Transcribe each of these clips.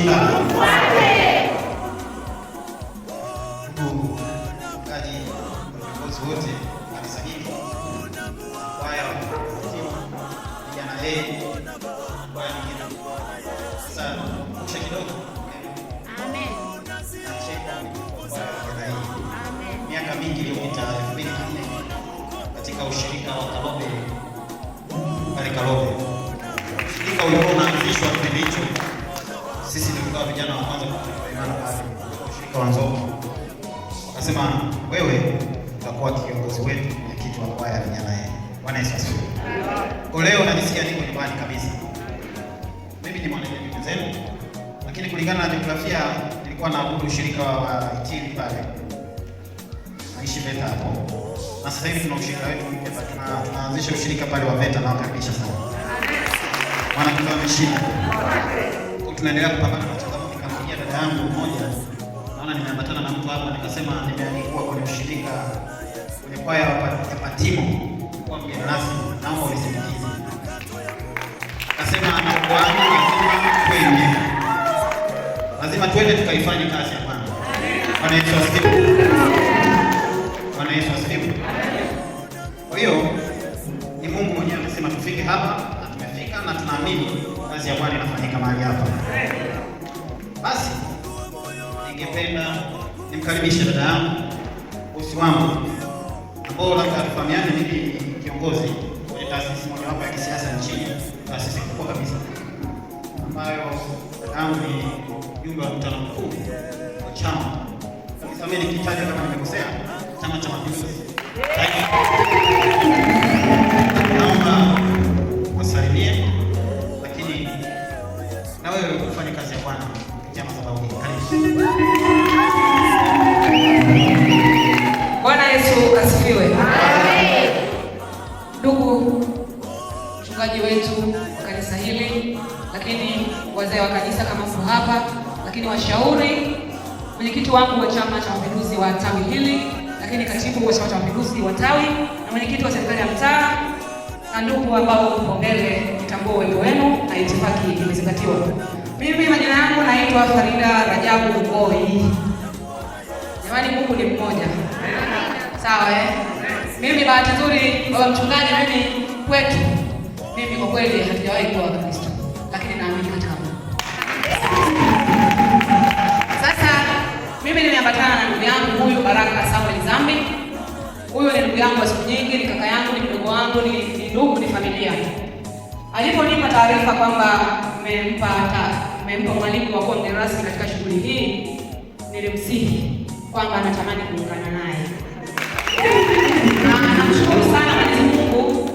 kumpinga mfuate. Ndugu mchungaji na viongozi wote kanisa hili, kwaya vijana yetu, sha kidogo miaka mingi iliyopita elfu mbili na nne katika ushirika wa Karobe pale Karobe, ushirika ulikuwa unaanzishwa kipindi hicho kwa vijana wa kwanza kuimana pale kwa wewe utakuwa kiongozi wetu, mwenyekiti wa kwaya vijana yetu. Bwana Yesu asifiwe. Kwa leo najisikia niko nyumbani kabisa. Mimi ni mwanajamii mwenzenu, lakini kulingana na jiografia nilikuwa naabudu ushirika wa Itili pale, naishi VETA hapo, na sasa hivi tuna ushirika wetu mpya, tunaanzisha ushirika pale wa VETA na wakaribisha sana, wanakuwa Kwa tunaendelea kupambana kaka yangu mmoja, maana nimeambatana na mtu hapa, nikasema nimeandikwa kwenye ushirika kwenye kwaya ya Patimo kwa mgeni rasmi, naomba unisindikize. Akasema ndugu kwenye, lazima twende, lazima twende tukaifanye kazi ya Bwana. Bwana Yesu asifiwe. Bwana Yesu asifiwe. Kwa hiyo ni Mungu mwenyewe amesema tufike hapa na tumefika, na tunaamini kazi ya Bwana inafanyika mahali hapa. Basi ningependa nimkaribishe dada yangu bosi wangu ambao labda atufahamiane. Mimi ni kiongozi kwenye taasisi mojawapo ya kisiasa nchini, taasisi kubwa kabisa ambayo yangu ni mjumbe wa mkutano mkuu wa chama kabisa. Mimi nikitaja kama nimekosea, Chama cha Mapinduzi. wazee wa kanisa kama sio hapa, lakini washauri, mwenyekiti wangu wa Chama cha Mapinduzi wa tawi hili, lakini katibu wa Chama cha Mapinduzi wa tawi na mwenyekiti wa serikali ya mtaa na ndugu ambao mpo mbele, kitambua uwepo wenu na itifaki imezingatiwa. Mimi majina yangu naitwa Farida Rajabu Ngoi. Jamani, Mungu ni mmoja, sawa eh? Mimi bahati nzuri, baba mchungaji, mimi kwetu, mimi kwa kweli hatujawahi kuwa Wakristo, lakini naamini katika Mungu. Baraka Samuel Zambi. Huyu ni ndugu yangu wa siku nyingi, ni kaka yangu, ni mdogo wangu, ni ndugu, ni familia. Aliponipa taarifa kwamba mmempa mmempa mwalimu wa kuwa rasmi katika shughuli hii, nilimsihi kwamba anatamani kuungana naye na namshukuru sana Mwenyezi Mungu,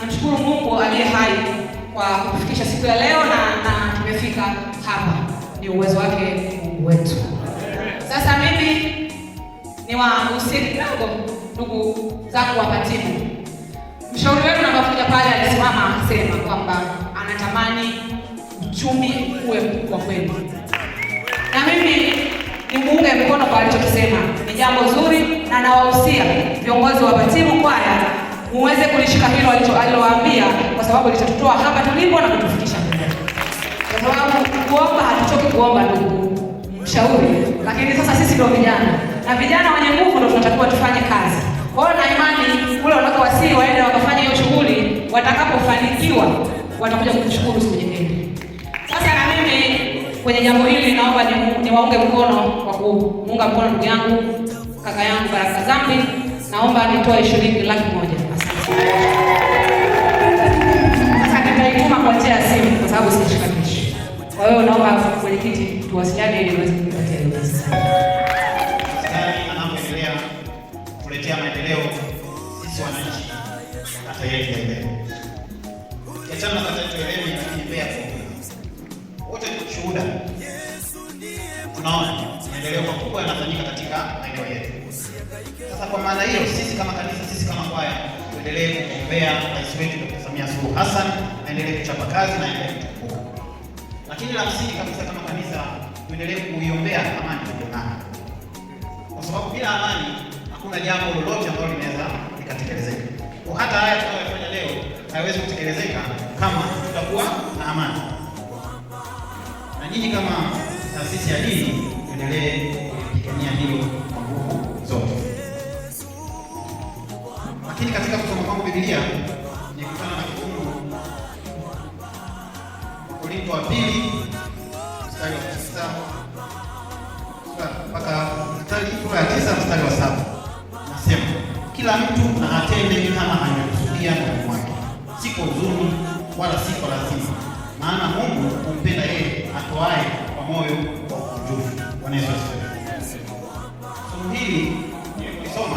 namshukuru Mungu aliye hai kwa kufikisha siku ya leo na, na tumefika hapa, ni uwezo wake Mungu wetu. Sasa mimi ni wagusie kidogo ndugu zangu wa katibu. Mshauri wenu namba pale alisimama akasema kwamba anatamani uchumi uwe mkubwa kwenu, na mimi nimuunge mkono kwa alichokisema, ni jambo zuri, na nawahusia viongozi wa katibu kwaya muweze kulishika hilo alilowaambia, kwa sababu litatutoa hapa tulipo na kutufikisha kwa sababu kuomba hatuchoki kuomba, ndugu mshauri, lakini sasa sisi ndio vijana na vijana wenye nguvu ndio tunatakiwa tufanye kazi. Kwa hiyo na imani kule wanakowasili waende wakafanye hiyo shughuli, watakapofanikiwa watakuja kukushukuru siku nyingine. Sasa na mimi kwenye jambo hili naomba niwaunge ni mkono kwa kuunga mkono ndugu yangu kaka yangu Baraka Zambi, naomba nitoe shilingi laki moja. Sasa nitaituma kwa njia ya simu kwa sababu sishikanishi. Kwa hiyo naomba mwenyekiti tuwasiliane ili niweze kupatia hiyo pesa. kutuletea maendeleo sisi wananchi hata yetu ya Mbeya. Kiachana sasa tuelewe lakini Mbeya kwa wote ni shuhuda, Tunaona maendeleo makubwa yanafanyika katika maeneo yetu. Sasa kwa maana hiyo sisi kama kanisa, sisi kama kwaya tuendelee kuombea rais wetu Dr. Samia Suluhu Hassan aendelee kuchapa kazi na aendelee kutukuka. Lakini la msingi kabisa kama kanisa tuendelee kuiombea amani kwa sababu bila amani hakuna jambo lolote ambalo linaweza likatekelezeka. Kwa hata haya tunayofanya leo hayawezi kutekelezeka kama tutakuwa na amani. Na nyinyi kama taasisi ya dini, tuendelee kupigania hilo kwa nguvu zote. Lakini katika kusoma kwangu Biblia nikutana na kifungu Wakorintho wa pili mstari wa tisa mpaka mstari wa tisa mstari wa saba kila mtu na atende kama anakusudia moyoni mwake, si kwa uzuni wala si kwa lazima, maana Mungu humpenda yeye atoaye kwa moyo wa kujua. Bwana Yesu asifiwe. Somo hili nilisoma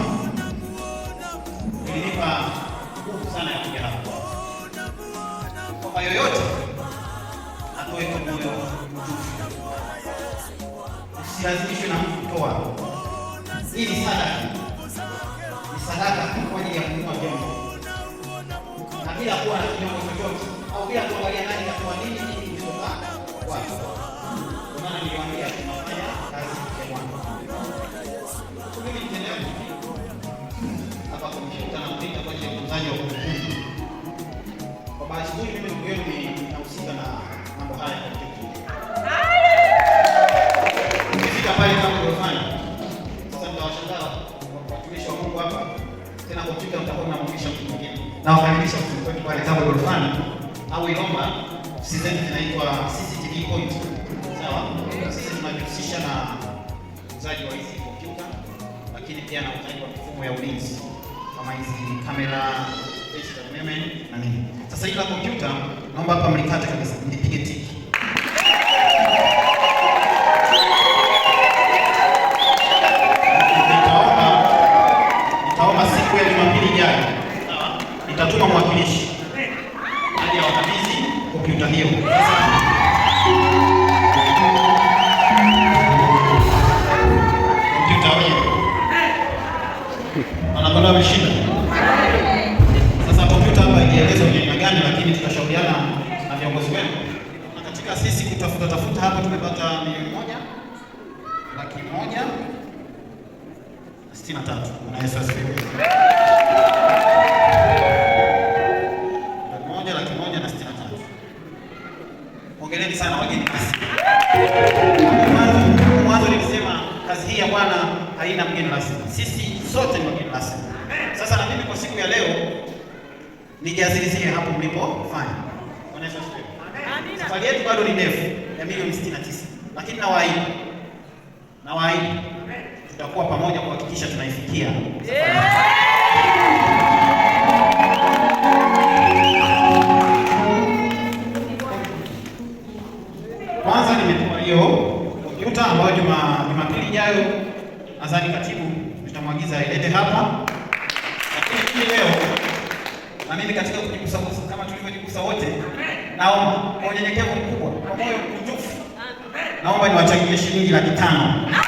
ilinipa nguvu sana ya kuja hapa, yoyote atoe kwa moyo wa kujua, usilazimishwe na mtu kutoa, ili sadaka falar Alguém adora sizeni zinaitwa CCTV point. Sawa, sisi tunajihusisha na uuzaji wa hizi kompyuta, lakini pia na uuzaji wa mifumo ya ulinzi kama hizi kamera za umeme na nini. Sasa hili la kompyuta, naomba hapa mlikate kabisa, nipige tiki ameshinda. Sasa kompyuta hapa ikielezwa ni namna gani, lakini tutashauriana na viongozi wenu, na katika sisi kutafuta tafuta hapa tumepata milioni moja laki moja sitini na tatu Yesu asifiwe. Hongereni sana wageni. Mwanzo nilisema kazi hii ya Bwana haina mgeni rasmi, sisi sote ni wageni rasmi. Sasa na mimi kwa siku ya leo nijazirizie hapo mlipofanya. Safari yetu bado ni ndefu ya milioni 69, lakini nawaahidi, nawaahidi tutakuwa pamoja kuhakikisha tunaifikia kwanza. Nimetua hiyo kompyuta ambayo Jumapili ijayo nadhani kwa unyenyekevu mkubwa, kwa moyo mkunjufu, naomba niwachangie shilingi laki tano.